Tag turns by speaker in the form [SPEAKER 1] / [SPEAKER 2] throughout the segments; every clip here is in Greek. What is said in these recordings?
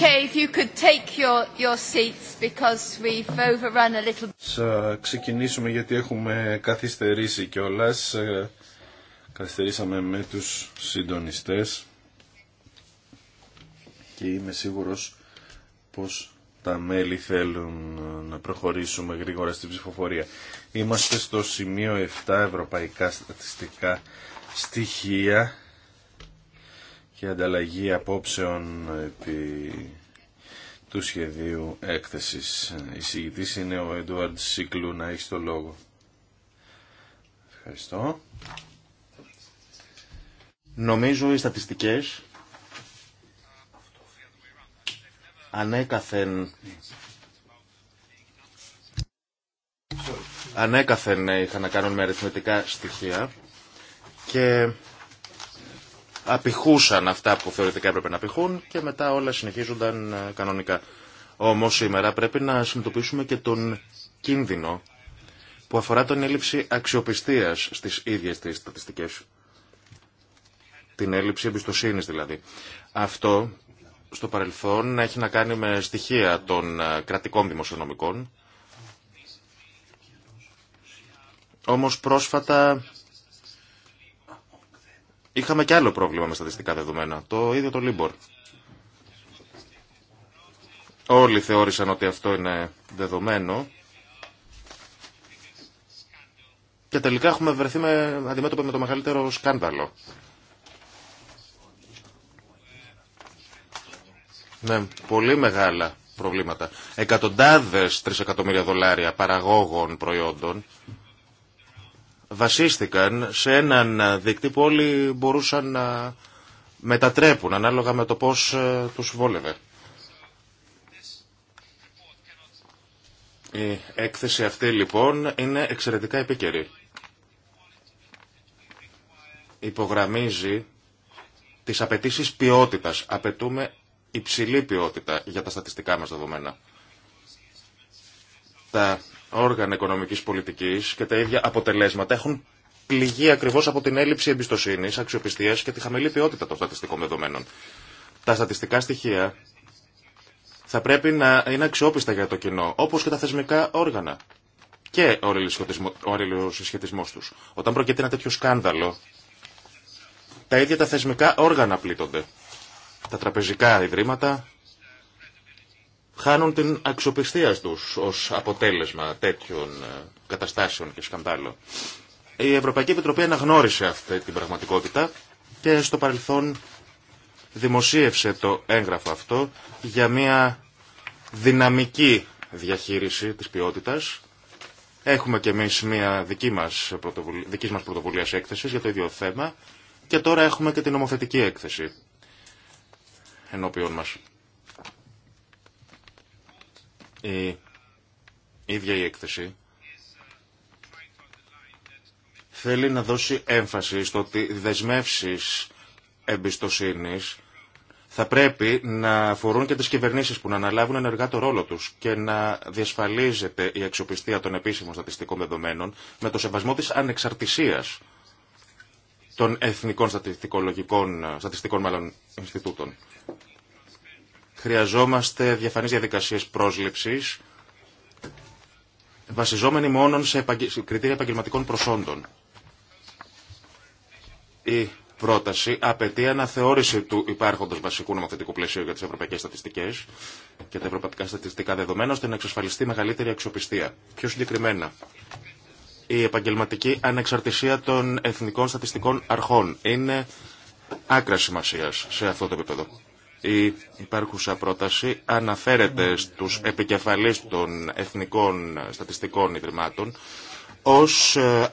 [SPEAKER 1] Okay,
[SPEAKER 2] ξεκινήσουμε γιατί έχουμε καθυστερήσει κιόλας. Ε, καθυστερήσαμε με τους συντονιστές και είμαι σίγουρος πως τα μέλη θέλουν να προχωρήσουμε γρήγορα στην ψηφοφορία. Είμαστε στο σημείο 7 ευρωπαϊκά στατιστικά στοιχεία και ανταλλαγή απόψεων επί του σχεδίου έκθεσης. Η συγητής είναι ο Εντουάρντ Σικλού, να έχει το λόγο. Ευχαριστώ. Νομίζω
[SPEAKER 3] οι στατιστικές ανέκαθεν ανέκαθεν είχαν να κάνουν με αριθμητικά στοιχεία και απηχούσαν αυτά που θεωρητικά έπρεπε να απηχούν και μετά όλα συνεχίζονταν ε, κανονικά. Όμως σήμερα πρέπει να συνειδητοποιήσουμε και τον κίνδυνο που αφορά την έλλειψη αξιοπιστίας στις ίδιες τις στατιστικές. Την έλλειψη εμπιστοσύνης δηλαδή. Αυτό στο παρελθόν έχει να κάνει με στοιχεία των ε, κρατικών δημοσιονομικών. Όμως πρόσφατα Είχαμε και άλλο πρόβλημα με στατιστικά δεδομένα, το ίδιο το Λίμπορ. Όλοι θεώρησαν ότι αυτό είναι δεδομένο και τελικά έχουμε βρεθεί με, αντιμέτωπο με το μεγαλύτερο σκάνδαλο. Ναι, πολύ μεγάλα προβλήματα. Εκατοντάδες τρισεκατομμύρια δολάρια παραγόγων προϊόντων βασίστηκαν σε έναν δείκτη που όλοι μπορούσαν να μετατρέπουν ανάλογα με το πώς ε, τους βόλευε. Η έκθεση αυτή λοιπόν είναι εξαιρετικά επίκαιρη. Υπογραμμίζει τις απαιτήσει ποιότητας. Απαιτούμε υψηλή ποιότητα για τα στατιστικά μας δεδομένα. Τα όργανα οικονομικής πολιτικής και τα ίδια αποτελέσματα έχουν πληγεί ακριβώς από την έλλειψη εμπιστοσύνης, αξιοπιστίας και τη χαμηλή ποιότητα των στατιστικών δεδομένων. Τα στατιστικά στοιχεία θα πρέπει να είναι αξιόπιστα για το κοινό, όπως και τα θεσμικά όργανα και ο αλληλοσυσχετισμό τους. Όταν προκείται ένα τέτοιο σκάνδαλο, τα ίδια τα θεσμικά όργανα πλήττονται. Τα τραπεζικά ιδρύματα, χάνουν την αξιοπιστία τους ως αποτέλεσμα τέτοιων ε, καταστάσεων και σκανδάλων. Η Ευρωπαϊκή Επιτροπή αναγνώρισε αυτή την πραγματικότητα και στο παρελθόν δημοσίευσε το έγγραφο αυτό για μια δυναμική διαχείριση της ποιότητας. Έχουμε και εμείς μια δική μας, πρωτοβουλία, έκθεση μας πρωτοβουλίας έκθεσης για το ίδιο θέμα και τώρα έχουμε και την νομοθετική έκθεση ενώπιον μας. Η ίδια η έκθεση θέλει να δώσει έμφαση στο ότι δεσμεύσεις εμπιστοσύνης θα πρέπει να αφορούν και τις κυβερνήσεις που να αναλάβουν ενεργά το ρόλο τους και να διασφαλίζεται η αξιοπιστία των επίσημων στατιστικών δεδομένων με το σεβασμό της ανεξαρτησίας των εθνικών στατιστικολογικών, στατιστικών μάλλον, Ινστιτούτων. Χρειαζόμαστε διαφανείς διαδικασίες πρόσληψης, βασιζόμενοι μόνο σε κριτήρια επαγγελματικών προσόντων. Η πρόταση απαιτεί αναθεώρηση του υπάρχοντος βασικού νομοθετικού πλαισίου για τις ευρωπαϊκές στατιστικές και τα ευρωπαϊκά στατιστικά δεδομένα, ώστε να εξασφαλιστεί μεγαλύτερη αξιοπιστία. Πιο συγκεκριμένα, η επαγγελματική ανεξαρτησία των εθνικών στατιστικών αρχών είναι άκρα σημασία σε αυτό το επίπεδο. Η υπάρχουσα πρόταση αναφέρεται στους επικεφαλείς των εθνικών στατιστικών ιδρυμάτων ως ε,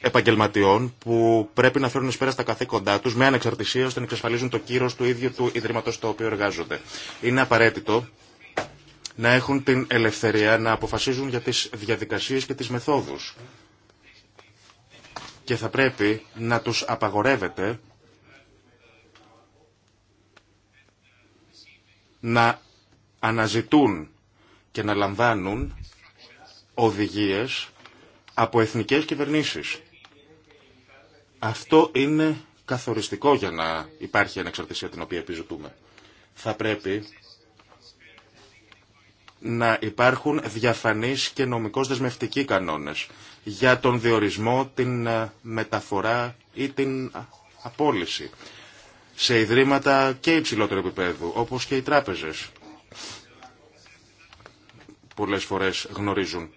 [SPEAKER 3] επαγγελματιών που πρέπει να φέρουν εις πέρα στα καθήκοντά τους με ανεξαρτησία ώστε να εξασφαλίζουν το κύρος του ίδιου του ιδρύματος στο οποίο εργάζονται. Είναι απαραίτητο να έχουν την ελευθερία να αποφασίζουν για τις διαδικασίες και τις μεθόδους και θα πρέπει να τους απαγορεύεται να αναζητούν και να λαμβάνουν οδηγίες από εθνικές κυβερνήσεις. Αυτό είναι καθοριστικό για να υπάρχει ανεξαρτησία την οποία επιζητούμε. Θα πρέπει να υπάρχουν διαφανείς και νομικώς δεσμευτικοί κανόνες για τον διορισμό, την ε, μεταφορά ή την απόλυση σε ιδρύματα και υψηλότερου επίπεδου, όπως και οι τράπεζες πολλές φορές γνωρίζουν.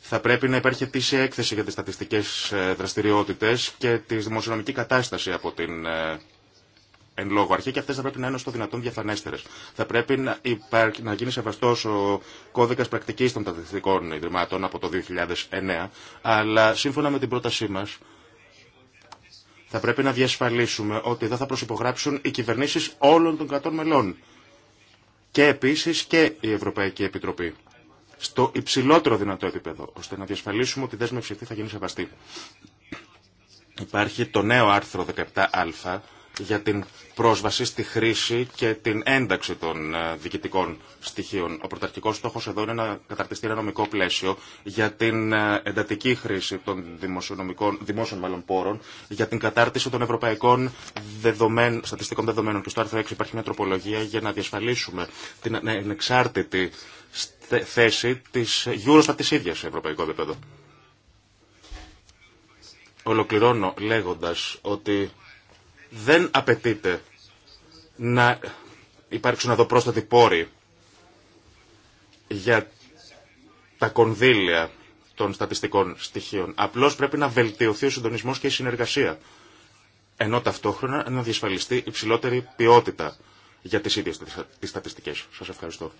[SPEAKER 3] Θα πρέπει να υπάρχει αιτήσια έκθεση για τις στατιστικές ε, δραστηριότητες και τη δημοσιονομική κατάσταση από την ε, εν λόγω αρχή και αυτές θα πρέπει να είναι στο δυνατόν διαφανέστερες. Θα πρέπει να, να γίνει σεβαστός ο κώδικας πρακτικής των τατιστικών ιδρυμάτων από το 2009, αλλά σύμφωνα με την πρότασή μας θα πρέπει να διασφαλίσουμε ότι εδώ θα προσυπογράψουν οι κυβερνήσει όλων των κρατών μελών. Και επίση και η Ευρωπαϊκή Επιτροπή. Στο υψηλότερο δυνατό επίπεδο, ώστε να διασφαλίσουμε ότι η δέσμευση αυτή θα γίνει σεβαστή. Υπάρχει το νέο άρθρο 17α για την πρόσβαση στη χρήση και την ένταξη των ε, διοικητικών στοιχείων. Ο πρωταρχικό στόχο εδώ είναι να καταρτιστεί ένα νομικό πλαίσιο για την ε, εντατική χρήση των δημοσιονομικών, δημόσιων μάλλον πόρων, για την κατάρτιση των ευρωπαϊκών δεδομένων, στατιστικών δεδομένων. Και στο άρθρο 6 υπάρχει μια τροπολογία για να διασφαλίσουμε την ανεξάρτητη θέση τη Eurostat τη ίδια σε ευρωπαϊκό επίπεδο. Ολοκληρώνω λέγοντας ότι δεν απαιτείται να υπάρξουν εδώ πρόσθετοι πόροι για τα κονδύλια των στατιστικών στοιχείων. Απλώς πρέπει να βελτιωθεί ο συντονισμός και η συνεργασία. Ενώ ταυτόχρονα να διασφαλιστεί υψηλότερη ποιότητα για τις ίδιες τις στατιστικές. Σας ευχαριστώ.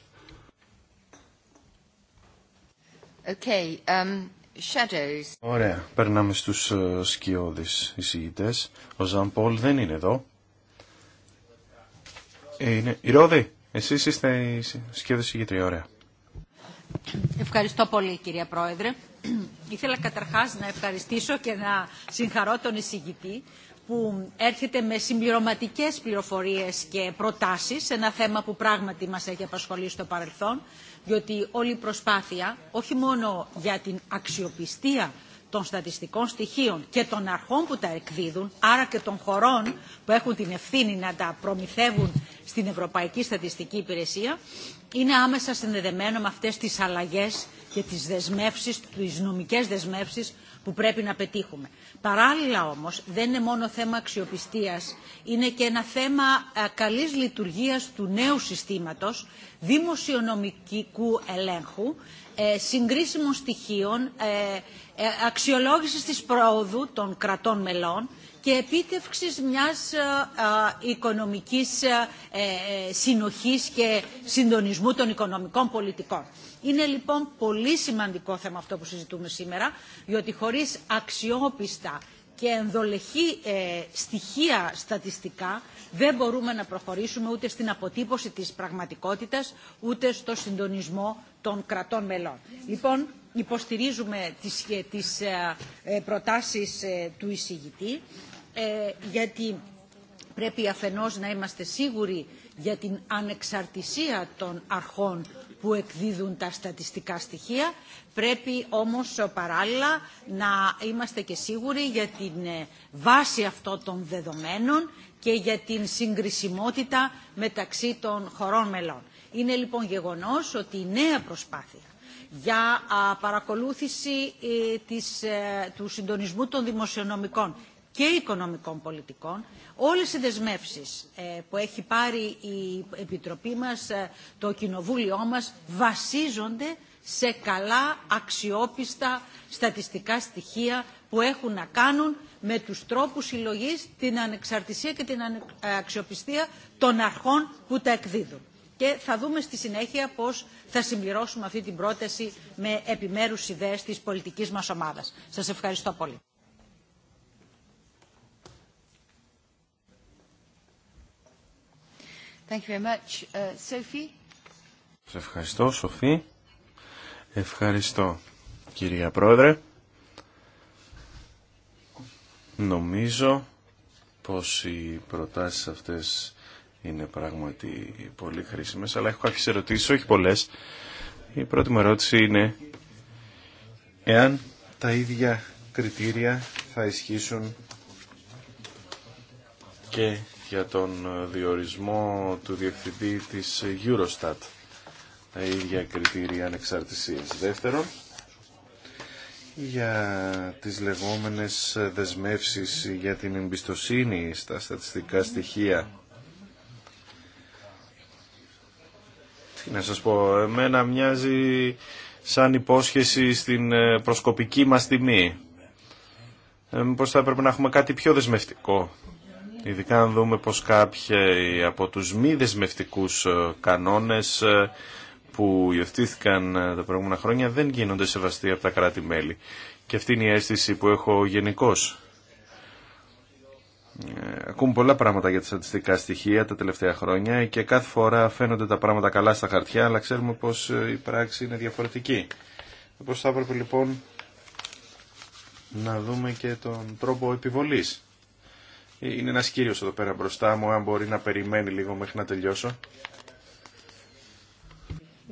[SPEAKER 1] Okay, um shadows.
[SPEAKER 2] Ωραία, περνάμε στους ε, σκιώδεις εισηγητές. Ο Ζαν Πολ δεν είναι εδώ. Ε, είναι... Η Ρόδη, εσείς είστε η σκιώδη εισηγητρία, ωραία.
[SPEAKER 1] Ευχαριστώ πολύ κυρία Πρόεδρε. Ήθελα καταρχάς να ευχαριστήσω και να συγχαρώ τον εισηγητή που έρχεται με συμπληρωματικές πληροφορίες και προτάσεις, ένα θέμα που πράγματι μας έχει απασχολήσει στο παρελθόν, διότι όλη η προσπάθεια, όχι μόνο για την αξιοπιστία των στατιστικών στοιχείων και των αρχών που τα εκδίδουν, άρα και των χωρών που έχουν την ευθύνη να τα προμηθεύουν στην Ευρωπαϊκή Στατιστική Υπηρεσία είναι άμεσα συνδεδεμένο με αυτές τις αλλαγές και τις δεσμεύσεις, τις νομικές δεσμεύσεις που πρέπει να πετύχουμε. Παράλληλα όμως δεν είναι μόνο θέμα αξιοπιστίας, είναι και ένα θέμα ε, καλής λειτουργίας του νέου συστήματος δημοσιονομικού ελέγχου, ε, συγκρίσιμων στοιχείων, ε, αξιολόγησης της πρόοδου των κρατών μελών και επίτευξης μιας ε, ε, οικονομικής ε, συνοχής και συντονισμού των οικονομικών πολιτικών. Είναι λοιπόν πολύ σημαντικό θέμα αυτό που συζητούμε σήμερα, διότι χωρίς αξιόπιστα και ενδολεχή στοιχεία στατιστικά δεν μπορούμε να προχωρήσουμε ούτε στην αποτύπωση της πραγματικότητας ούτε στο συντονισμό των κρατών μελών. Λοιπόν, υποστηρίζουμε τις, τις προτάσεις του εισηγητή ε, γιατί πρέπει αφενός να είμαστε σίγουροι για την ανεξαρτησία των αρχών που εκδίδουν τα στατιστικά στοιχεία. Πρέπει όμως ε, παράλληλα να είμαστε και σίγουροι για την ε, βάση αυτών των δεδομένων και για την συγκρισιμότητα μεταξύ των χωρών μελών. Είναι λοιπόν γεγονός ότι η νέα προσπάθεια για παρακολούθηση της, του συντονισμού των δημοσιονομικών και οικονομικών πολιτικών, όλες οι δεσμεύσεις ε, που έχει πάρει η Επιτροπή μας, ε, το Κοινοβούλιο μας, βασίζονται σε καλά αξιόπιστα στατιστικά στοιχεία που έχουν να κάνουν με τους τρόπους συλλογή, την ανεξαρτησία και την ε, αξιοπιστία των αρχών που τα εκδίδουν. Και θα δούμε στη συνέχεια πώς θα συμπληρώσουμε αυτή την πρόταση με επιμέρους ιδέες της πολιτικής μας ομάδας. Σας ευχαριστώ πολύ. Uh,
[SPEAKER 2] Σε ευχαριστώ, Σοφή. Ευχαριστώ, κυρία Πρόεδρε. Νομίζω πως οι προτάσεις αυτές είναι πράγματι πολύ χρήσιμες, αλλά έχω κάποιες ερωτήσεις, όχι πολλές. Η πρώτη μου ερώτηση είναι εάν τα ίδια κριτήρια θα ισχύσουν και για τον διορισμό του διευθυντή της Eurostat. Τα ίδια κριτήρια ανεξαρτησίας. Δεύτερον, για τις λεγόμενες δεσμεύσεις για την εμπιστοσύνη στα στατιστικά στοιχεία. Τι να σας πω, εμένα μοιάζει σαν υπόσχεση στην ε, προσκοπική μας τιμή. Ε, θα έπρεπε να έχουμε κάτι πιο δεσμευτικό Ειδικά αν δούμε πως κάποιοι από τους μη δεσμευτικού ε, κανόνες ε, που υιοθήθηκαν ε, τα προηγούμενα χρόνια δεν γίνονται σεβαστοί από τα κράτη-μέλη. Και αυτή είναι η αίσθηση που έχω γενικώ. Ακούμε πολλά πράγματα για τα στατιστικά στοιχεία τα τελευταία χρόνια και κάθε φορά φαίνονται τα πράγματα καλά στα χαρτιά, αλλά ξέρουμε πως η πράξη είναι διαφορετική. Πώς θα έπρεπε λοιπόν να δούμε και τον τρόπο επιβολής είναι ένας κύριος εδώ πέρα μπροστά μου, αν μπορεί να περιμένει λίγο μέχρι να τελειώσω.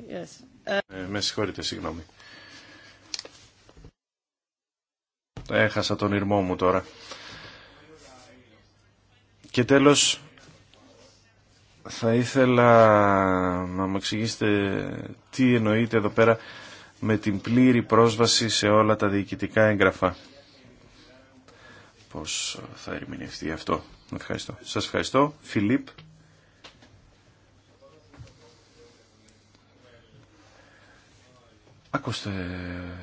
[SPEAKER 2] Yes. Ε, με συγχωρείτε, συγγνώμη. Έχασα τον ήρμό μου τώρα. Και τέλος, θα ήθελα να μου εξηγήσετε τι εννοείται εδώ πέρα με την πλήρη πρόσβαση σε όλα τα διοικητικά έγγραφα πώς θα ερμηνευτεί αυτό. Ευχαριστώ. Σας ευχαριστώ. Φιλίπ. Ακούστε,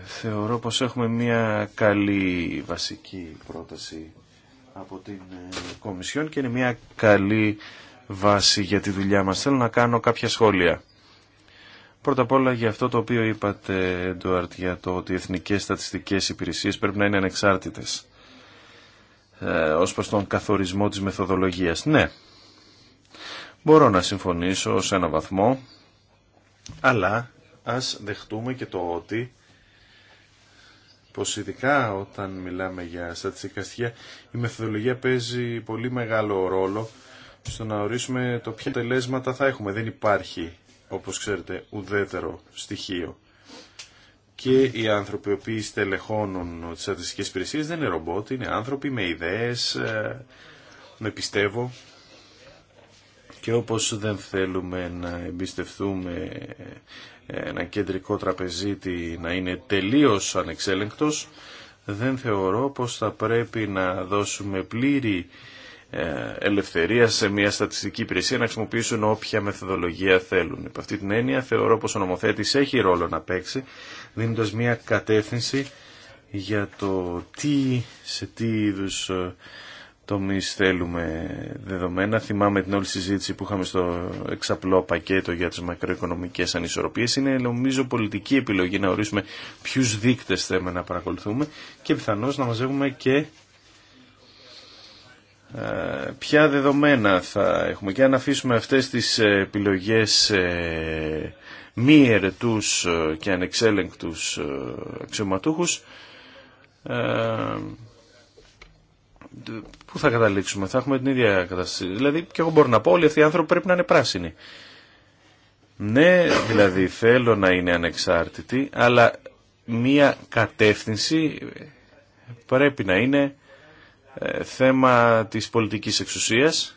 [SPEAKER 2] θεωρώ πως έχουμε μια καλή βασική πρόταση από την ε, Κομισιόν και είναι μια καλή βάση για τη δουλειά μας. Θέλω να κάνω κάποια σχόλια. Πρώτα απ' όλα για αυτό το οποίο είπατε, Εντουαρτ, για το ότι οι εθνικές στατιστικές υπηρεσίες πρέπει να είναι ανεξάρτητες. Ε, ως προς τον καθορισμό της μεθοδολογίας. Ναι, μπορώ να συμφωνήσω σε ένα βαθμό, αλλά ας δεχτούμε και το ότι πως ειδικά όταν μιλάμε για στατιστικά στοιχεία η μεθοδολογία παίζει πολύ μεγάλο ρόλο στο να ορίσουμε το ποια τελέσματα θα έχουμε. Δεν υπάρχει, όπως ξέρετε, ουδέτερο στοιχείο και οι άνθρωποι οποίοι στελεχώνουν τις στατιστικές υπηρεσίες δεν είναι ρομπότ, είναι άνθρωποι με ιδέες, ε, με πιστεύω. Και όπως δεν θέλουμε να εμπιστευτούμε ε, ένα κεντρικό τραπεζίτη να είναι τελείως ανεξέλεγκτος, δεν θεωρώ πως θα πρέπει να δώσουμε πλήρη ε, ελευθερία σε μια στατιστική υπηρεσία να χρησιμοποιήσουν όποια μεθοδολογία θέλουν. Υπ' αυτή την έννοια θεωρώ πως ο νομοθέτης έχει ρόλο να παίξει δίνοντας μια κατεύθυνση για το τι, σε τι είδου ε, τομείς θέλουμε δεδομένα. Θυμάμαι την όλη συζήτηση που είχαμε στο εξαπλό πακέτο για τις μακροοικονομικές ανισορροπίες. Είναι νομίζω πολιτική επιλογή να ορίσουμε ποιου δείκτες θέλουμε να παρακολουθούμε και πιθανώς να μαζεύουμε και ε, ποια δεδομένα θα έχουμε και αν αφήσουμε αυτές τις επιλογές ε, μη ερετούς ε, και ανεξέλεγκτους αξιωματούχους πού θα καταλήξουμε, θα έχουμε την ίδια κατάσταση. Δηλαδή, και εγώ μπορώ να πω, όλοι αυτοί οι άνθρωποι πρέπει να είναι πράσινοι. Ναι, δηλαδή θέλω να είναι ανεξάρτητοι, αλλά μία κατεύθυνση πρέπει να είναι ε, θέμα της πολιτικής εξουσίας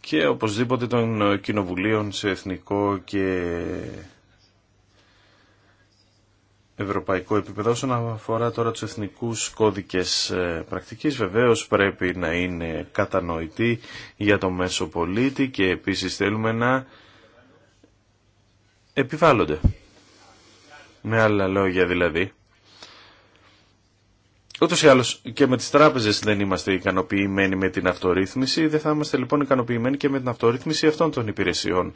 [SPEAKER 2] και οπωσδήποτε των κοινοβουλίων σε εθνικό και ευρωπαϊκό επίπεδο. Όσον αφορά τώρα τους εθνικούς κώδικες ε, πρακτικής, βεβαίως πρέπει να είναι κατανοητή για το μέσο πολίτη και επίσης θέλουμε να επιβάλλονται. Με άλλα λόγια δηλαδή, Ούτως ή άλλως και με τις τράπεζες δεν είμαστε ικανοποιημένοι με την αυτορύθμιση, δεν θα είμαστε λοιπόν ικανοποιημένοι και με την αυτορύθμιση αυτών των υπηρεσιών.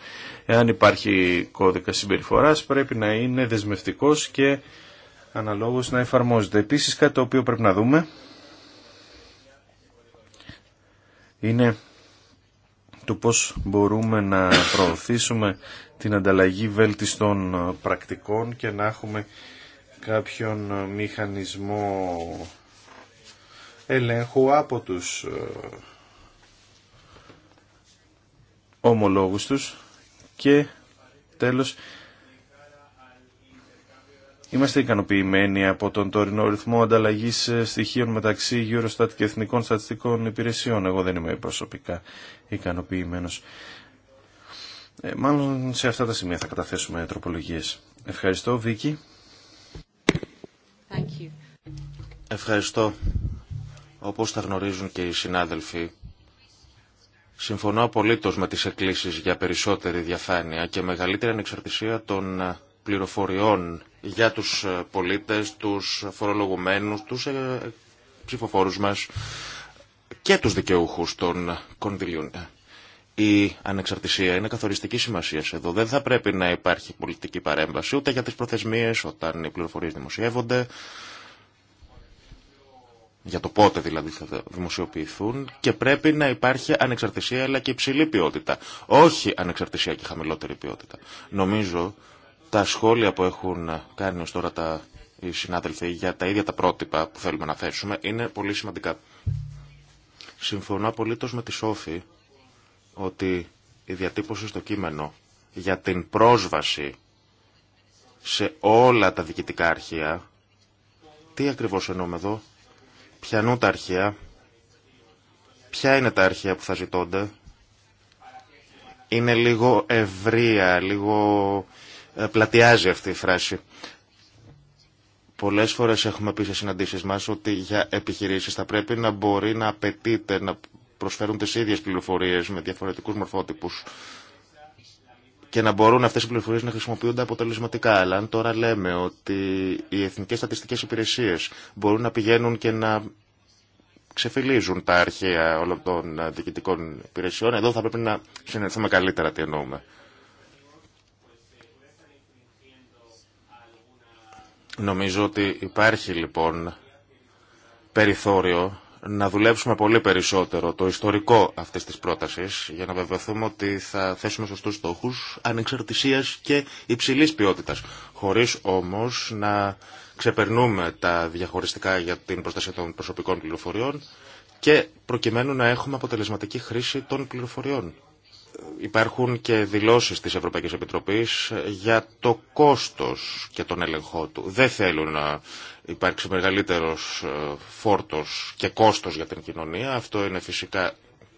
[SPEAKER 2] Εάν υπάρχει κώδικα συμπεριφορά, πρέπει να είναι δεσμευτικός και αναλόγως να εφαρμόζεται. Επίσης κάτι το οποίο πρέπει να δούμε είναι το πώς μπορούμε να προωθήσουμε την ανταλλαγή βέλτιστων πρακτικών και να έχουμε κάποιον ε, μηχανισμό ελέγχου από τους ε, ομολόγους τους και τέλος είμαστε ικανοποιημένοι από τον τωρινό ρυθμό ανταλλαγής ε, στοιχείων μεταξύ Eurostat και Εθνικών Στατιστικών Υπηρεσιών. Εγώ δεν είμαι προσωπικά ικανοποιημένος. Ε, μάλλον σε αυτά τα σημεία θα καταθέσουμε τροπολογίες. Ευχαριστώ Βίκη. Ευχαριστώ. Όπως θα γνωρίζουν και οι συνάδελφοι,
[SPEAKER 3] συμφωνώ απολύτως με τις εκκλήσεις για περισσότερη διαφάνεια και μεγαλύτερη ανεξαρτησία των πληροφοριών για τους πολίτες, τους φορολογουμένους, τους ε, ψηφοφόρους μας και τους δικαιούχους των κονδυλίων. Η ανεξαρτησία είναι καθοριστική σημασία εδώ. Δεν θα πρέπει να υπάρχει πολιτική παρέμβαση ούτε για τις προθεσμίες όταν οι πληροφορίες δημοσιεύονται, για το πότε δηλαδή θα δημοσιοποιηθούν και πρέπει να υπάρχει ανεξαρτησία αλλά και υψηλή ποιότητα. Όχι ανεξαρτησία και χαμηλότερη ποιότητα. Νομίζω τα σχόλια που έχουν κάνει ως τώρα τα, οι συνάδελφοι για τα ίδια τα πρότυπα που θέλουμε να θέσουμε είναι πολύ σημαντικά. Συμφωνώ απολύτως με τη Σόφη ότι η διατύπωση στο κείμενο για την πρόσβαση σε όλα τα διοικητικά αρχεία τι ακριβώς εννοούμε εδώ Πιανού τα αρχεία. Ποια είναι τα αρχεία που θα ζητώνται. Είναι λίγο ευρία, λίγο ε, πλατιάζει αυτή η φράση. Πολλές φορές έχουμε πει σε συναντήσεις μας ότι για επιχειρήσεις θα πρέπει να μπορεί να απαιτείται να προσφέρουν τις ίδιες πληροφορίες με διαφορετικούς μορφότυπους και να μπορούν αυτές οι πληροφορίες να χρησιμοποιούνται αποτελεσματικά. Αλλά αν τώρα λέμε ότι οι εθνικές στατιστικές υπηρεσίες μπορούν να πηγαίνουν και να ξεφυλίζουν τα αρχαία όλων των διοικητικών υπηρεσιών, εδώ θα πρέπει να συνεχίσουμε καλύτερα τι εννοούμε. Νομίζω ότι υπάρχει λοιπόν περιθώριο να δουλέψουμε πολύ περισσότερο το ιστορικό αυτής της πρότασης για να βεβαιωθούμε ότι θα θέσουμε σωστούς στόχους ανεξαρτησίας και υψηλής ποιότητας, χωρίς όμως να ξεπερνούμε τα διαχωριστικά για την προστασία των προσωπικών πληροφοριών και προκειμένου να έχουμε αποτελεσματική χρήση των πληροφοριών υπάρχουν και δηλώσεις της Ευρωπαϊκής Επιτροπής για το κόστος και τον έλεγχό του. Δεν θέλουν να υπάρξει μεγαλύτερος ε, φόρτος και κόστος για την κοινωνία. Αυτό είναι φυσικά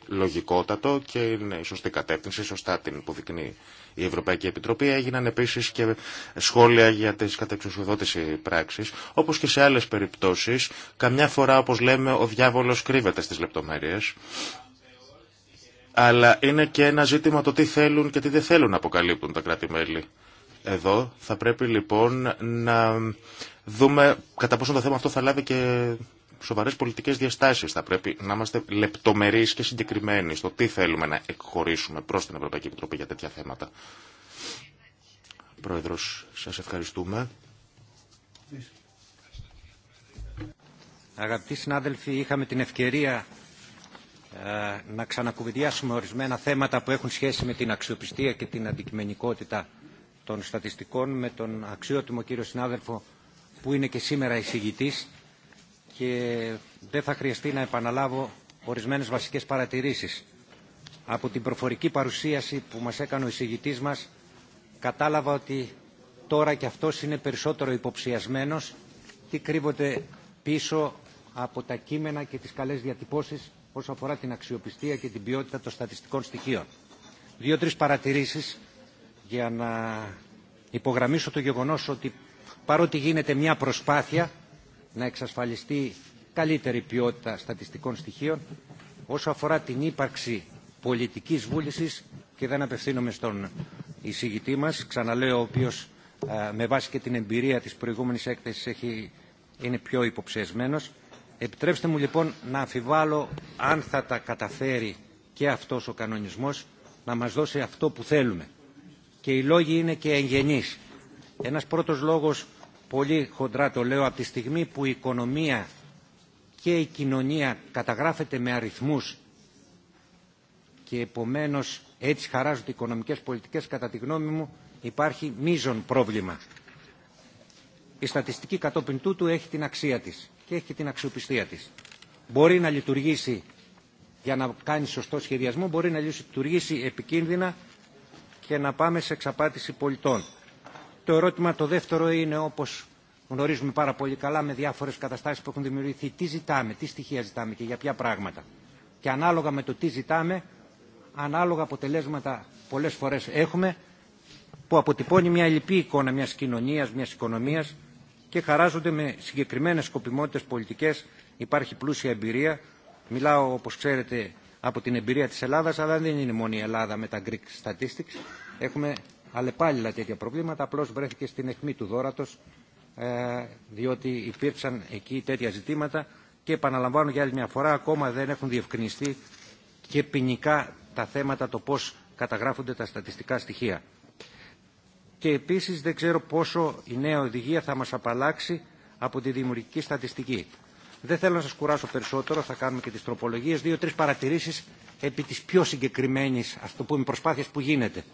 [SPEAKER 3] λογικότατο και είναι η σωστή κατεύθυνση, σωστά την δεικνύει η Ευρωπαϊκή Επιτροπή. Έγιναν επίσης και σχόλια για τις κατεξουσιοδότηση πράξεις. Όπως και σε άλλες περιπτώσεις, καμιά φορά, όπως λέμε, ο διάβολος κρύβεται στις λεπτομέρειε αλλά είναι και ένα ζήτημα το τι θέλουν και τι δεν θέλουν να αποκαλύπτουν τα κράτη-μέλη. Εδώ θα πρέπει λοιπόν να δούμε κατά πόσο το θέμα αυτό θα λάβει και σοβαρέ πολιτικέ διαστάσει. Θα πρέπει να είμαστε λεπτομερεί και συγκεκριμένοι στο τι θέλουμε να εκχωρήσουμε προ την Ευρωπαϊκή Επιτροπή για τέτοια θέματα.
[SPEAKER 4] Πρόεδρος, σας ευχαριστούμε. Αγαπητοί συνάδελφοι, είχαμε την ευκαιρία ε, να ξανακουβεντιάσουμε ορισμένα θέματα που έχουν σχέση με την αξιοπιστία και την αντικειμενικότητα των στατιστικών με τον αξιότιμο κύριο συνάδελφο που είναι και σήμερα εισηγητής και δεν θα χρειαστεί να επαναλάβω ορισμένες βασικές παρατηρήσεις. Από την προφορική παρουσίαση που μας έκανε ο εισηγητής μας κατάλαβα ότι τώρα και αυτό είναι περισσότερο υποψιασμένος τι κρύβονται πίσω από τα κείμενα και τις καλές διατυπώσεις όσο αφορά την αξιοπιστία και την ποιότητα των στατιστικών στοιχείων. Δύο-τρεις παρατηρήσεις για να υπογραμμίσω το γεγονός ότι παρότι γίνεται μια προσπάθεια να εξασφαλιστεί καλύτερη ποιότητα στατιστικών στοιχείων, όσο αφορά την ύπαρξη πολιτικής βούλησης, και δεν απευθύνομαι στον εισηγητή μας, ξαναλέω ο οποίος ε, με βάση και την εμπειρία της προηγούμενης έκθεσης έχει, είναι πιο υποψεσμένος, Επιτρέψτε μου λοιπόν να αμφιβάλλω αν θα τα καταφέρει και αυτός ο κανονισμός να μας δώσει αυτό που θέλουμε. Και οι λόγοι είναι και εγγενείς. Ένας πρώτος λόγος, πολύ χοντρά το λέω, από τη στιγμή που η οικονομία και η κοινωνία καταγράφεται με αριθμούς και επομένως έτσι χαράζονται οι οικονομικές πολιτικές, κατά τη γνώμη μου υπάρχει μείζον πρόβλημα. Η στατιστική κατόπιν τούτου έχει την αξία της και έχει και την αξιοπιστία της. Μπορεί να λειτουργήσει για να κάνει σωστό σχεδιασμό, μπορεί να λειτουργήσει επικίνδυνα και να πάμε σε εξαπάτηση πολιτών. Το ερώτημα το δεύτερο είναι όπως γνωρίζουμε πάρα πολύ καλά με διάφορες καταστάσεις που έχουν δημιουργηθεί τι ζητάμε, τι στοιχεία ζητάμε και για ποια πράγματα. Και ανάλογα με το τι ζητάμε, ανάλογα αποτελέσματα πολλές φορές έχουμε που αποτυπώνει μια λυπή εικόνα μια κοινωνίας, μια οικονομίας και χαράζονται με συγκεκριμένε σκοπιμότητε πολιτικέ Υπάρχει πλούσια εμπειρία. Μιλάω, όπω ξέρετε, από την εμπειρία τη Ελλάδα, αλλά δεν είναι μόνο η Ελλάδα με τα Greek Statistics. Έχουμε αλλεπάλληλα τέτοια προβλήματα, απλώ βρέθηκε στην αιχμή του δόρατος, ε, διότι υπήρξαν εκεί τέτοια ζητήματα και επαναλαμβάνω για άλλη μια φορά, ακόμα δεν έχουν διευκρινιστεί και ποινικά τα θέματα, το πώ καταγράφονται τα στατιστικά στοιχεία και επίσης δεν ξέρω πόσο η νέα οδηγία θα μας απαλλάξει από τη δημιουργική στατιστική. Δεν θέλω να σας κουράσω περισσότερο, θα κάνουμε και τις τροπολογίες, δύο-τρεις παρατηρήσεις επί της πιο συγκεκριμένης, ας το πούμε, προσπάθειας που γίνεται.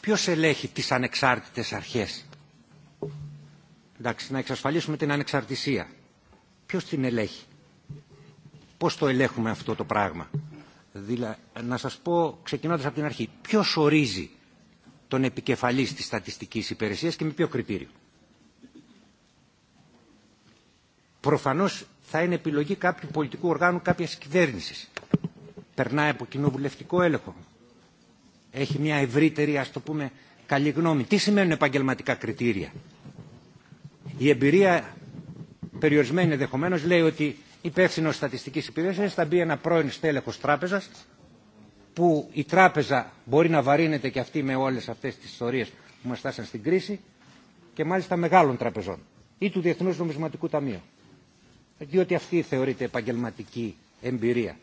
[SPEAKER 4] Ποιος ελέγχει τις ανεξάρτητες αρχές. Εντάξει, να εξασφαλίσουμε την ανεξαρτησία. Ποιος την ελέγχει. Πώς το ελέγχουμε αυτό το πράγμα. Δηλα... Να σας πω, ξεκινώντας από την αρχή, ποιος ορίζει τον επικεφαλής της στατιστικής υπηρεσίας και με ποιο κριτήριο. Προφανώς θα είναι επιλογή κάποιου πολιτικού οργάνου κάποιας κυβέρνησης. Περνάει από κοινοβουλευτικό έλεγχο. Έχει μια ευρύτερη, ας το πούμε, καλή γνώμη. Τι σημαίνουν επαγγελματικά κριτήρια. Η εμπειρία περιορισμένη ενδεχομένω λέει ότι υπεύθυνο στατιστική υπηρεσία θα μπει ένα πρώην στέλεχο τράπεζα που η τράπεζα μπορεί να βαρύνεται και αυτή με όλες αυτές τις ιστορίες που μας στάσαν στην κρίση και μάλιστα μεγάλων τραπεζών ή του Διεθνούς Νομισματικού Ταμείου. Διότι αυτή θεωρείται επαγγελματική εμπειρία.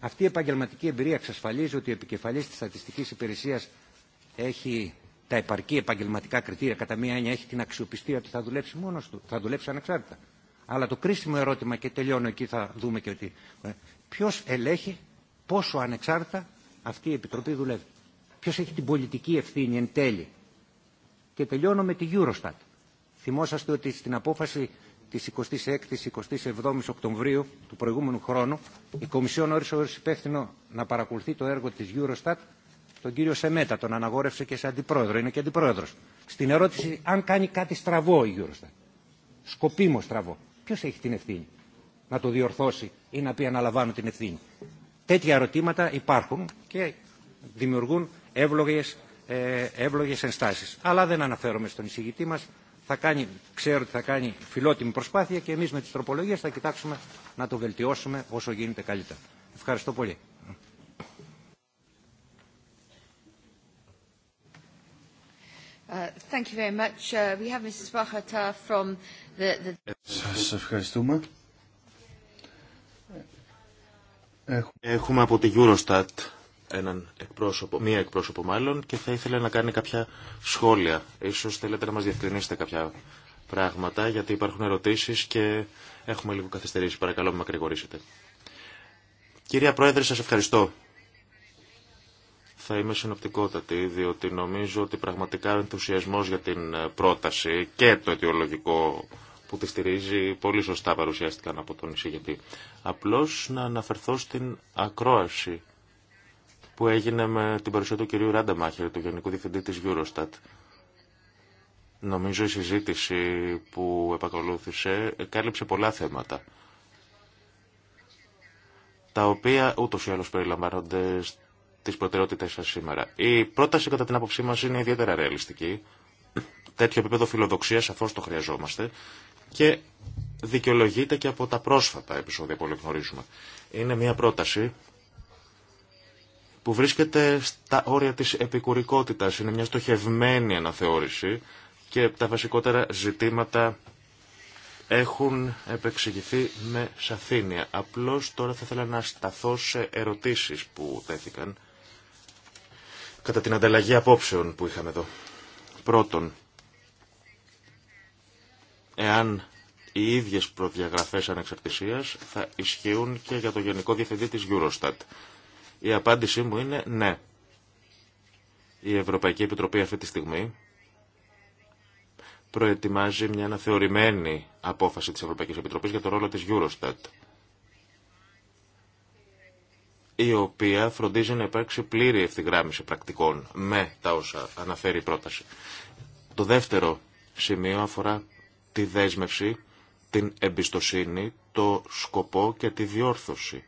[SPEAKER 4] Αυτή η επαγγελματική εμπειρία εξασφαλίζει ότι ο επικεφαλής της στατιστικής υπηρεσίας έχει τα επαρκή επαγγελματικά κριτήρια, κατά μία έννοια έχει την αξιοπιστία ότι θα δουλέψει μόνος του, θα δουλέψει ανεξάρτητα. Αλλά το κρίσιμο ερώτημα, και τελειώνω εκεί θα δούμε και ότι... Ε, ποιος ελέγχει πόσο ανεξάρτητα αυτή η Επιτροπή δουλεύει. Ποιος έχει την πολιτική ευθύνη εν τέλει. Και τελειώνω με τη Eurostat. Θυμόσαστε ότι στην απόφαση της 26ης-27ης Οκτωβρίου του προηγούμενου χρόνου η Κομισιόν όρισε υπεύθυνο να παρακολουθεί το έργο της Eurostat τον κύριο Σεμέτα, τον αναγόρευσε και σε αντιπρόεδρο, είναι και αντιπρόεδρος. Στην ερώτηση αν κάνει κάτι στραβό η Eurostat, σκοπίμως στραβό, ποιος έχει την ευθύνη να το διορθώσει ή να πει αναλαμβάνω την ευθύνη. Τέτοια ερωτήματα υπάρχουν και δημιουργούν εύλογες, ε, εύλογες ενστάσεις. Αλλά δεν αναφέρομαι στον εισηγητή μας. Θα κάνει, ξέρω ότι θα κάνει φιλότιμη προσπάθεια και εμείς με τις τροπολογίες θα κοιτάξουμε να το βελτιώσουμε όσο γίνεται καλύτερα. Ευχαριστώ πολύ. Uh, thank you very much. Uh, we have Mrs. From the...
[SPEAKER 2] Σας ευχαριστούμε.
[SPEAKER 3] Έχουμε από τη Eurostat έναν εκπρόσωπο, μία εκπρόσωπο μάλλον και θα ήθελε να κάνει κάποια σχόλια. Ίσως θέλετε να μας διευκρινίσετε κάποια πράγματα γιατί υπάρχουν ερωτήσεις και έχουμε λίγο καθυστερήσει. Παρακαλώ με μακρηγορήσετε. Κυρία Πρόεδρε, σας ευχαριστώ. Θα είμαι συνοπτικότατη, διότι νομίζω ότι πραγματικά ο ενθουσιασμός για την πρόταση και το αιτιολογικό που τη στηρίζει πολύ σωστά παρουσιάστηκαν από τον εισηγητή. Απλώς να αναφερθώ στην ακρόαση που έγινε με την παρουσία του κυρίου Ράντα του Γενικού Διευθυντή της Eurostat. Νομίζω η συζήτηση που επακολούθησε κάλυψε πολλά θέματα, τα οποία ούτως ή άλλως περιλαμβάνονται στις προτεραιότητες σας σήμερα. Η πρόταση κατά την άποψή μας είναι ιδιαίτερα ρεαλιστική. Τέτοιο επίπεδο φιλοδοξία σαφώ το χρειαζόμαστε και δικαιολογείται και από τα πρόσφατα επεισόδια που όλοι γνωρίζουμε. Είναι μια πρόταση που βρίσκεται στα όρια της επικουρικότητας. Είναι μια στοχευμένη αναθεώρηση και τα βασικότερα ζητήματα έχουν επεξηγηθεί με σαφήνεια. Απλώς τώρα θα ήθελα να σταθώ σε ερωτήσεις που τέθηκαν κατά την ανταλλαγή απόψεων που είχαμε εδώ. Πρώτον, εάν οι ίδιες προδιαγραφές ανεξαρτησίας θα ισχύουν και για το Γενικό Διευθυντή της Eurostat. Η απάντησή μου είναι ναι. Η Ευρωπαϊκή Επιτροπή αυτή τη στιγμή προετοιμάζει μια αναθεωρημένη απόφαση της Ευρωπαϊκής Επιτροπής για το ρόλο της Eurostat η οποία φροντίζει να υπάρξει πλήρη ευθυγράμμιση πρακτικών με τα όσα αναφέρει η πρόταση. Το δεύτερο σημείο αφορά τη δέσμευση, την εμπιστοσύνη, το σκοπό και τη διόρθωση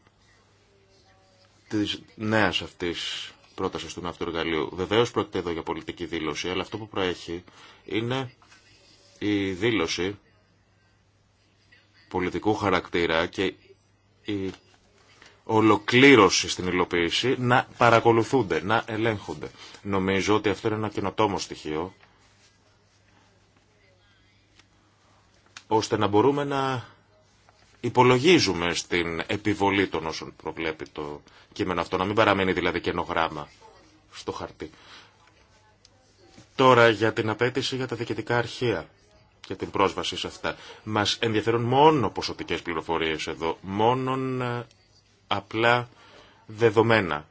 [SPEAKER 3] της νέας αυτής πρότασης του ναυτοργαλείου. Βεβαίως πρόκειται εδώ για πολιτική δήλωση, αλλά αυτό που προέχει είναι η δήλωση πολιτικού χαρακτήρα και η ολοκλήρωση στην υλοποίηση να παρακολουθούνται, να ελέγχονται. Νομίζω ότι αυτό είναι ένα καινοτόμο στοιχείο ώστε να μπορούμε να υπολογίζουμε στην επιβολή των όσων προβλέπει το κείμενο αυτό, να μην παραμένει δηλαδή κενό γράμμα στο χαρτί. Τώρα για την απέτηση για τα διοικητικά αρχεία και την πρόσβαση σε αυτά. Μας ενδιαφέρουν μόνο ποσοτικές πληροφορίες εδώ, μόνον ε, απλά δεδομένα.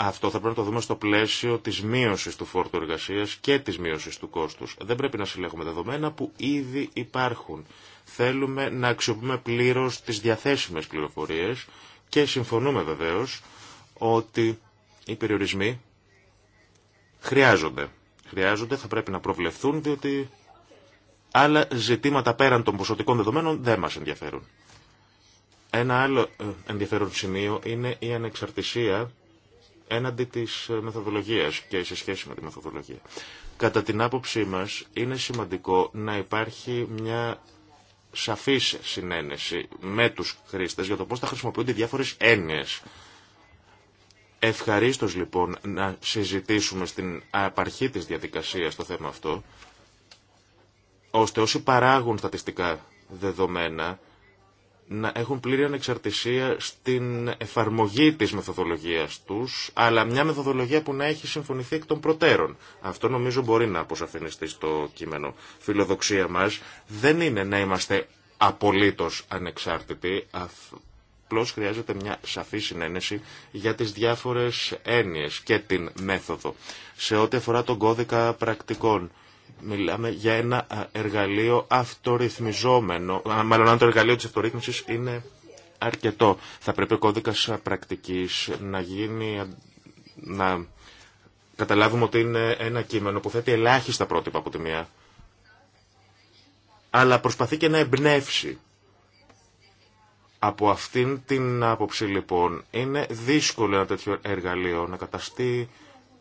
[SPEAKER 3] Αυτό θα πρέπει να το δούμε στο πλαίσιο τη μείωση του φόρτου εργασία και τη μείωση του κόστου. Δεν πρέπει να συλλέγουμε δεδομένα που ήδη υπάρχουν. Θέλουμε να αξιοποιούμε πλήρω τι διαθέσιμε πληροφορίε και συμφωνούμε βεβαίω ότι οι περιορισμοί χρειάζονται. Χρειάζονται, θα πρέπει να προβλεφθούν, διότι άλλα ζητήματα πέραν των ποσοτικών δεδομένων δεν μα ενδιαφέρουν. Ένα άλλο ε, ενδιαφέρον σημείο είναι η ανεξαρτησία έναντι της μεθοδολογίας και σε σχέση με τη μεθοδολογία. Κατά την άποψή μας είναι σημαντικό να υπάρχει μια σαφής συνένεση με τους χρήστες για το πώς θα χρησιμοποιούνται οι διάφορες έννοιες. Ευχαρίστως λοιπόν να συζητήσουμε στην απαρχή της διαδικασίας το θέμα αυτό, ώστε όσοι παράγουν στατιστικά δεδομένα να έχουν πλήρη ανεξαρτησία στην εφαρμογή της μεθοδολογίας τους, αλλά μια μεθοδολογία που να έχει συμφωνηθεί εκ των προτέρων. Αυτό νομίζω μπορεί να αποσαφινιστεί στο κείμενο. Φιλοδοξία μας δεν είναι να είμαστε απολύτως ανεξάρτητοι, Απλώ χρειάζεται μια σαφή συνένεση για τις διάφορες έννοιες και την μέθοδο. Σε ό,τι αφορά τον κώδικα πρακτικών, μιλάμε για ένα εργαλείο αυτορυθμιζόμενο. Μάλλον αν το εργαλείο της αυτορύθμισης είναι αρκετό. Θα πρέπει ο κώδικας πρακτικής να γίνει, να καταλάβουμε ότι είναι ένα κείμενο που θέτει ελάχιστα πρότυπα από τη μία. Αλλά προσπαθεί και να εμπνεύσει. Από αυτήν την άποψη λοιπόν είναι δύσκολο ένα τέτοιο εργαλείο να καταστεί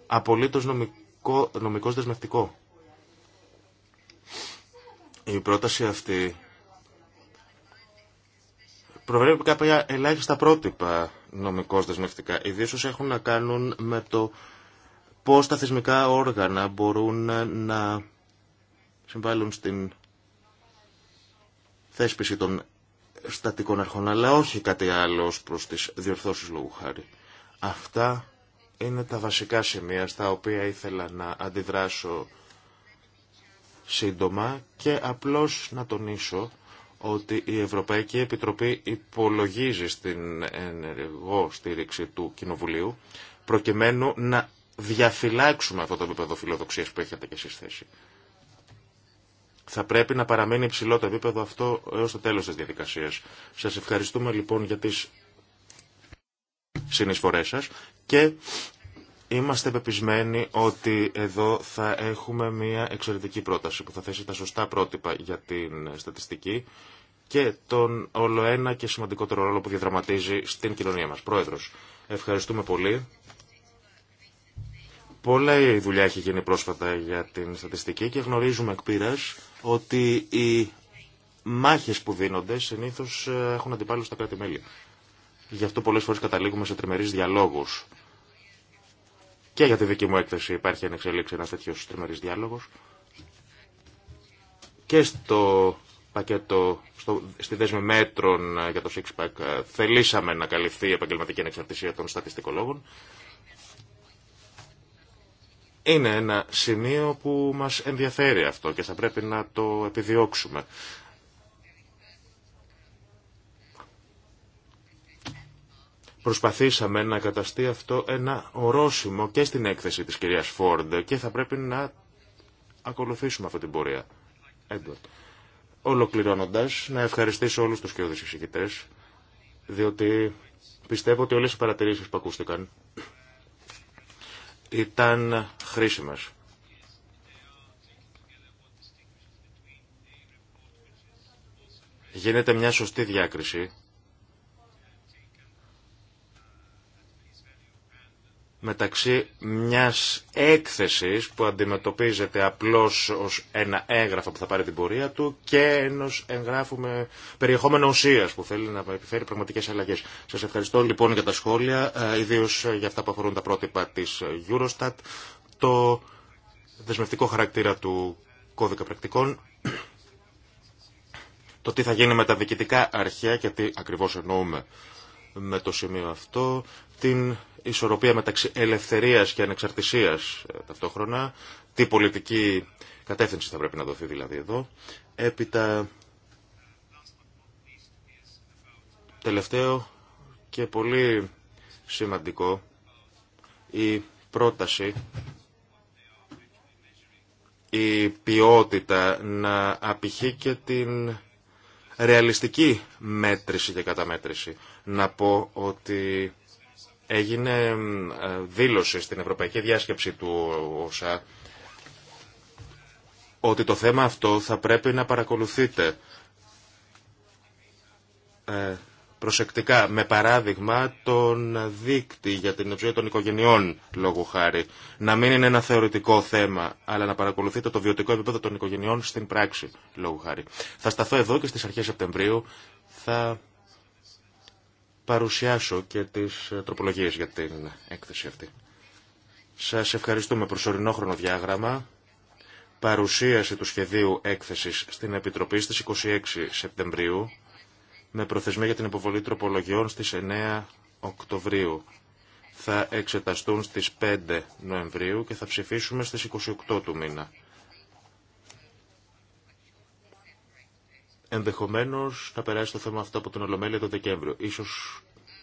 [SPEAKER 3] απολύτως νομικό, νομικός δεσμευτικό. Η πρόταση αυτή προβλέπει κάποια ελάχιστα πρότυπα νομικώς δεσμευτικά, ιδίως έχουν να κάνουν με το πώς τα θεσμικά όργανα μπορούν να συμβάλλουν στην θέσπιση των στατικών αρχών, αλλά όχι κάτι άλλο ως προς τις διορθώσεις λόγου χάρη. Αυτά είναι τα βασικά σημεία στα οποία ήθελα να αντιδράσω σύντομα και απλώς να τονίσω ότι η Ευρωπαϊκή Επιτροπή υπολογίζει στην ενεργό στήριξη του Κοινοβουλίου προκειμένου να διαφυλάξουμε αυτό το επίπεδο φιλοδοξίας που έχετε και εσείς θέση. Θα πρέπει να παραμένει υψηλό το επίπεδο αυτό έως το τέλος της διαδικασίας. Σας ευχαριστούμε λοιπόν για τις συνεισφορές σας και Είμαστε πεπισμένοι ότι εδώ θα έχουμε μια εξαιρετική πρόταση που θα θέσει τα σωστά πρότυπα για την στατιστική και τον όλο ένα και σημαντικότερο ρόλο που διαδραματίζει στην κοινωνία μας. Πρόεδρος, ευχαριστούμε πολύ. Πολλά η δουλειά έχει γίνει πρόσφατα για την στατιστική και γνωρίζουμε εκ πείρας ότι οι μάχες που δίνονται συνήθως έχουν αντιπάλους στα κράτη-μέλη. Γι' αυτό πολλές φορές καταλήγουμε σε τριμερείς διαλόγους και για τη δική μου έκθεση υπάρχει ανεξελίξη ένα τέτοιο τριμερή διάλογο. Και στο πακέτο, στο, στη δέσμη μέτρων ε, για το Sixpack, ε, θελήσαμε να καλυφθεί η επαγγελματική ανεξαρτησία των στατιστικολόγων. Είναι ένα σημείο που μας ενδιαφέρει αυτό και θα πρέπει να το επιδιώξουμε. Προσπαθήσαμε να καταστεί αυτό ένα ορόσημο και στην έκθεση της κυρίας Φόρντ και θα πρέπει να ακολουθήσουμε αυτή την πορεία. Έντουαρτ. Ολοκληρώνοντας, να ευχαριστήσω όλους τους κοιόδους εισηγητές, διότι πιστεύω ότι όλες οι παρατηρήσεις που ακούστηκαν ήταν χρήσιμες. Γίνεται μια σωστή διάκριση μεταξύ μιας έκθεσης που αντιμετωπίζεται απλώς ως ένα έγγραφο που θα πάρει την πορεία του και ενός εγγράφου με περιεχόμενο ουσίας που θέλει να επιφέρει πραγματικές αλλαγές. Σας ευχαριστώ λοιπόν για τα σχόλια, ε, ιδίως για αυτά που αφορούν τα πρότυπα της Eurostat, το δεσμευτικό χαρακτήρα του κώδικα πρακτικών, το τι θα γίνει με τα διοικητικά αρχαία και τι ακριβώς εννοούμε με το σημείο αυτό, την ισορροπία μεταξύ ελευθερίας και ανεξαρτησίας ε, ταυτόχρονα, τι πολιτική κατεύθυνση θα πρέπει να δοθεί δηλαδή εδώ. Έπειτα, τελευταίο και πολύ σημαντικό, η πρόταση, η ποιότητα να απηχεί και την ρεαλιστική μέτρηση και καταμέτρηση. Να πω ότι έγινε ε, δήλωση στην Ευρωπαϊκή Διάσκεψη του ΟΣΑ ότι το θέμα αυτό θα πρέπει να παρακολουθείτε ε, προσεκτικά με παράδειγμα τον δίκτυ για την ευζοία των οικογενειών λόγου χάρη. Να μην είναι ένα θεωρητικό θέμα, αλλά να παρακολουθείτε το βιωτικό επίπεδο των οικογενειών στην πράξη λόγου χάρη. Θα σταθώ εδώ και στις αρχές Σεπτεμβρίου θα παρουσιάσω και τις ε, τροπολογίες για την έκθεση αυτή. Σας ευχαριστούμε προσωρινό χρονοδιάγραμμα. Παρουσίαση του σχεδίου έκθεσης στην Επιτροπή στις 26 Σεπτεμβρίου με προθεσμία για την υποβολή τροπολογιών στις 9 Οκτωβρίου. Θα εξεταστούν στις 5 Νοεμβρίου και θα ψηφίσουμε στις 28 του μήνα. Ενδεχομένω να περάσει το θέμα αυτό από τον Ολομέλεια τον Δεκέμβριο. Ίσως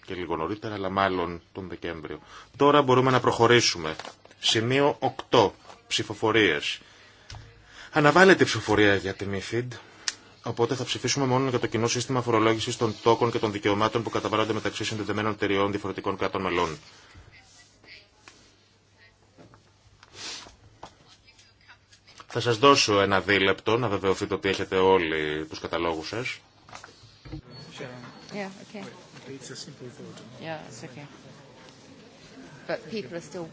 [SPEAKER 3] και λίγο νωρίτερα, αλλά μάλλον τον Δεκέμβριο. Τώρα μπορούμε να προχωρήσουμε. Σημείο 8. Ψηφοφορίες. Αναβάλλεται η ψηφοφορία για τη MIFID, οπότε θα ψηφίσουμε μόνο για το κοινό σύστημα φορολόγηση των τόκων και των δικαιωμάτων που καταβάλλονται μεταξύ συνδεδεμένων εταιριών διαφορετικών κρατών μελών. Θα σας δώσω ένα δίλεπτο να βεβαιωθείτε ότι έχετε όλοι τους καταλόγους σας. Yeah, okay.
[SPEAKER 2] Yeah, it's okay. But people are still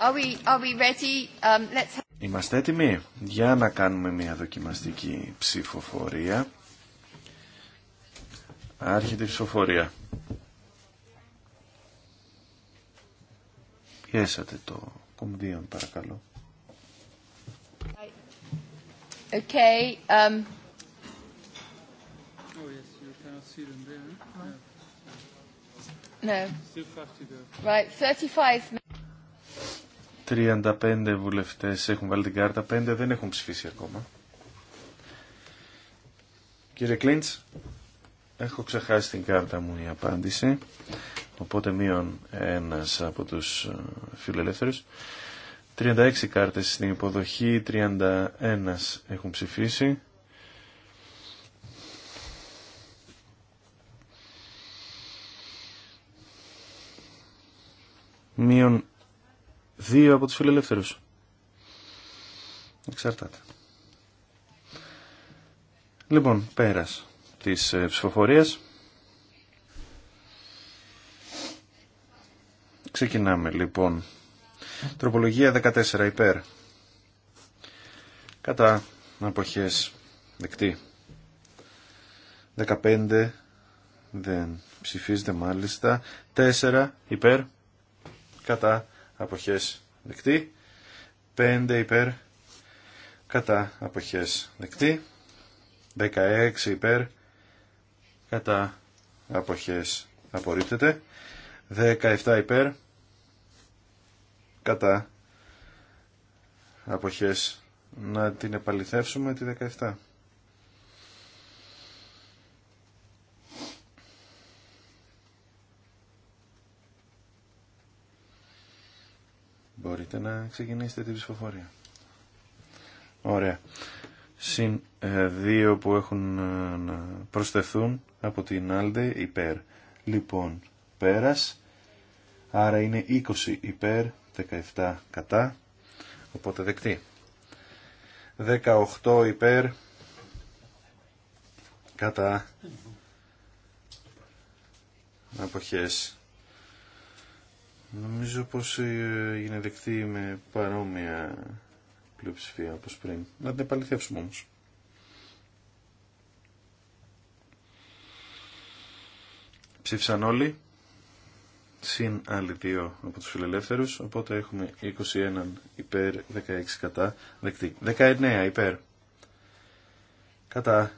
[SPEAKER 1] Are we, are we ready? Um, let's...
[SPEAKER 2] Είμαστε έτοιμοι για να κάνουμε μια δοκιμαστική ψηφοφορία. Άρχεται η ψηφοφορία. Πιέσατε το κομβίον παρακαλώ.
[SPEAKER 1] Okay, um...
[SPEAKER 2] oh, yes, you see
[SPEAKER 1] No. Right, 35
[SPEAKER 2] 35 βουλευτές έχουν βάλει την κάρτα, 5 δεν έχουν ψηφίσει ακόμα. Κύριε Κλίντς, έχω ξεχάσει την κάρτα μου η απάντηση, οπότε μείον ένας από τους ε, φιλελεύθερους. 36 κάρτες στην υποδοχή, 31 έχουν ψηφίσει. Δύο από τους φιλελεύθερους. Εξαρτάται. Λοιπόν, πέρας της ε, ψηφοφορίας. Ξεκινάμε λοιπόν. Τροπολογία 14 υπέρ. Κατά αποχές δεκτή. 15 δεν ψηφίζεται μάλιστα. 4 υπέρ. Κατά αποχές δεκτή. 5 υπέρ κατά αποχές δεκτή. 16 υπέρ κατά αποχές απορρίπτεται. 17 υπέρ κατά αποχές να την επαληθεύσουμε τη 17. Μπορείτε να ξεκινήσετε την ψηφοφορία. Ωραία. Συν ε, δύο που έχουν ε, να προσθεθούν από την Άλντε υπέρ. Λοιπόν, πέρας. Άρα είναι 20 υπέρ, 17 κατά. Οπότε δεκτή. 18 υπέρ, κατά. Αποχές Νομίζω πως είναι δεκτή με παρόμοια πλειοψηφία όπως πριν. Να την επαληθεύσουμε όμως. Ψήφισαν όλοι, συν άλλοι δύο από τους φιλελεύθερους, οπότε έχουμε 21 υπέρ, 16 κατά, δεκτή. 19 υπέρ, κατά,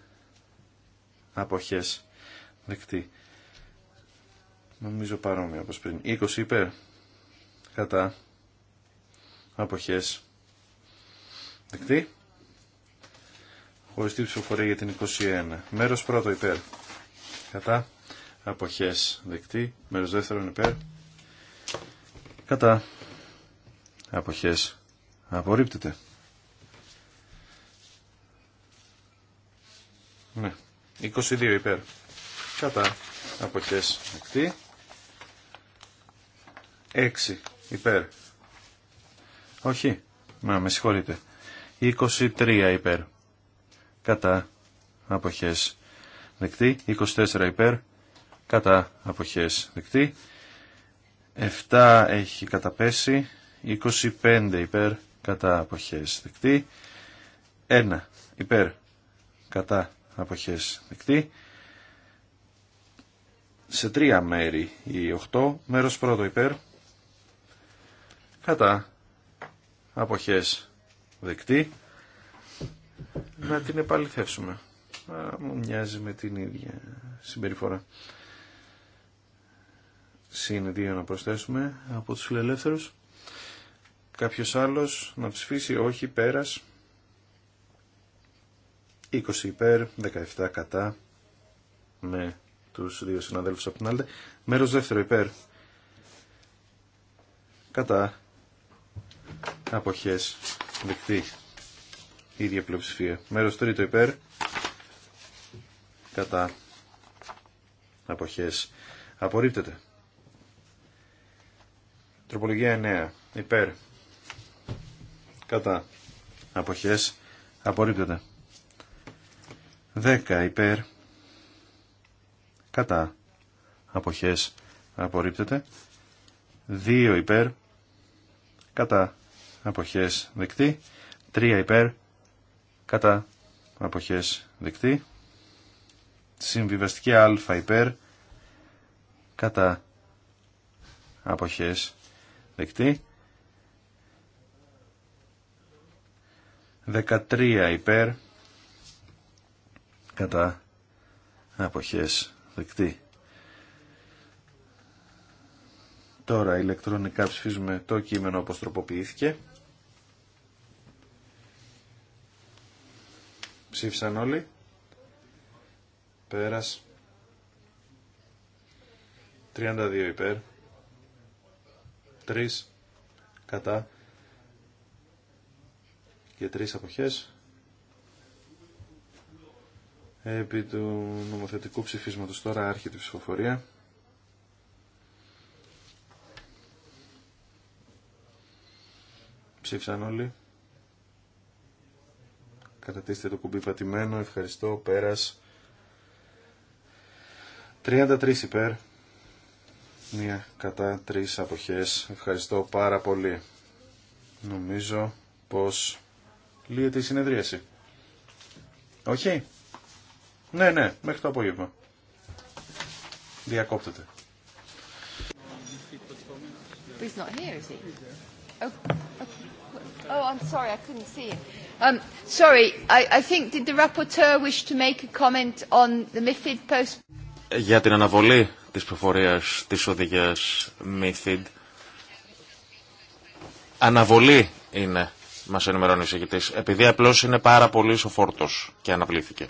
[SPEAKER 2] αποχές, δεκτή. Νομίζω παρόμοια όπως πριν. 20 υπέρ. Κατά. Αποχές. Δεκτή. Χωριστή ψηφοφορία για την 21. Μέρος πρώτο υπέρ. Κατά. Αποχές. Δεκτή. Μέρος δεύτερον υπέρ. Κατά. Αποχές. Απορρίπτεται. Ναι. 22 υπέρ. Κατά. Αποχές. Δεκτή. 6 υπέρ. Όχι. Να, με συγχωρείτε. 23 υπέρ. Κατά αποχές δεκτή. 24 υπέρ. Κατά αποχές δεκτή. 7 έχει καταπέσει. 25 υπέρ. Κατά αποχές δεκτή. 1 υπέρ. Κατά αποχές δεκτή. Σε τρία μέρη η 8. Μέρος πρώτο υπέρ κατά αποχές δεκτή να την επαληθεύσουμε. μου μοιάζει με την ίδια συμπεριφορά. Συν δύο να προσθέσουμε από τους φιλελεύθερους. Κάποιος άλλος να ψηφίσει όχι πέρας. 20 υπέρ, 17 κατά με τους δύο συναδέλφους από την άλλη. Μέρος δεύτερο υπέρ. Κατά αποχές δεκτή η ίδια πλειοψηφία. Μέρος τρίτο υπέρ κατά αποχές απορρίπτεται. Τροπολογία 9 υπέρ κατά αποχές απορρίπτεται. 10 υπέρ κατά αποχές απορρίπτεται. 2 υπέρ κατά αποχές δεκτή. 3 υπέρ κατά αποχές δεκτή. Συμβιβαστική α υπέρ κατά αποχές δεκτή. 13 υπέρ κατά αποχές δεκτή. Τώρα ηλεκτρονικά ψηφίζουμε το κείμενο όπως τροποποιήθηκε. Ψήφισαν όλοι. Πέρας. 32 υπέρ. 3 κατά και 3 αποχές. Επί του νομοθετικού ψηφίσματος τώρα άρχεται η ψηφοφορία. Ψήφισαν όλοι κατατίστε το κουμπί πατημένο. Ευχαριστώ. Πέρας. 33 υπέρ. Μία κατά τρεις αποχές. Ευχαριστώ πάρα πολύ. Νομίζω πως λύεται η συνεδρίαση. Όχι. Ναι, ναι, μέχρι το απόγευμα. Διακόπτεται.
[SPEAKER 1] He's not here, is he? Oh, oh, I'm sorry, I couldn't see Um, sorry, I, I think did the rapporteur wish to make
[SPEAKER 3] Για την αναβολή της προφορίας της οδηγίας MIFID. Αναβολή είναι, μας ενημερώνει ο εισηγητής, επειδή απλώς είναι πάρα πολύ σοφόρτος και αναβλήθηκε.